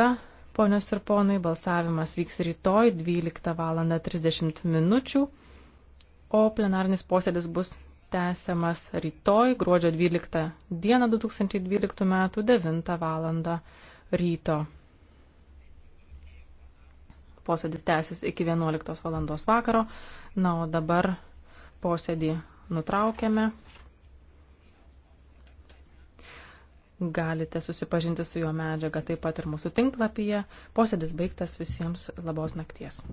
baigta. Ponios ir ponai, balsavimas vyks rytoj 12 val. 30 minučių, o plenarnis posėdis bus tęsiamas rytoj, gruodžio 12 dieną 2012 m. 9 val. ryto. Posėdis tęsis iki 11 val. vakaro, na o dabar posėdį nutraukiame. galite susipažinti su jo medžiaga taip pat ir mūsų tinklapyje. Posėdis baigtas visiems labos nakties.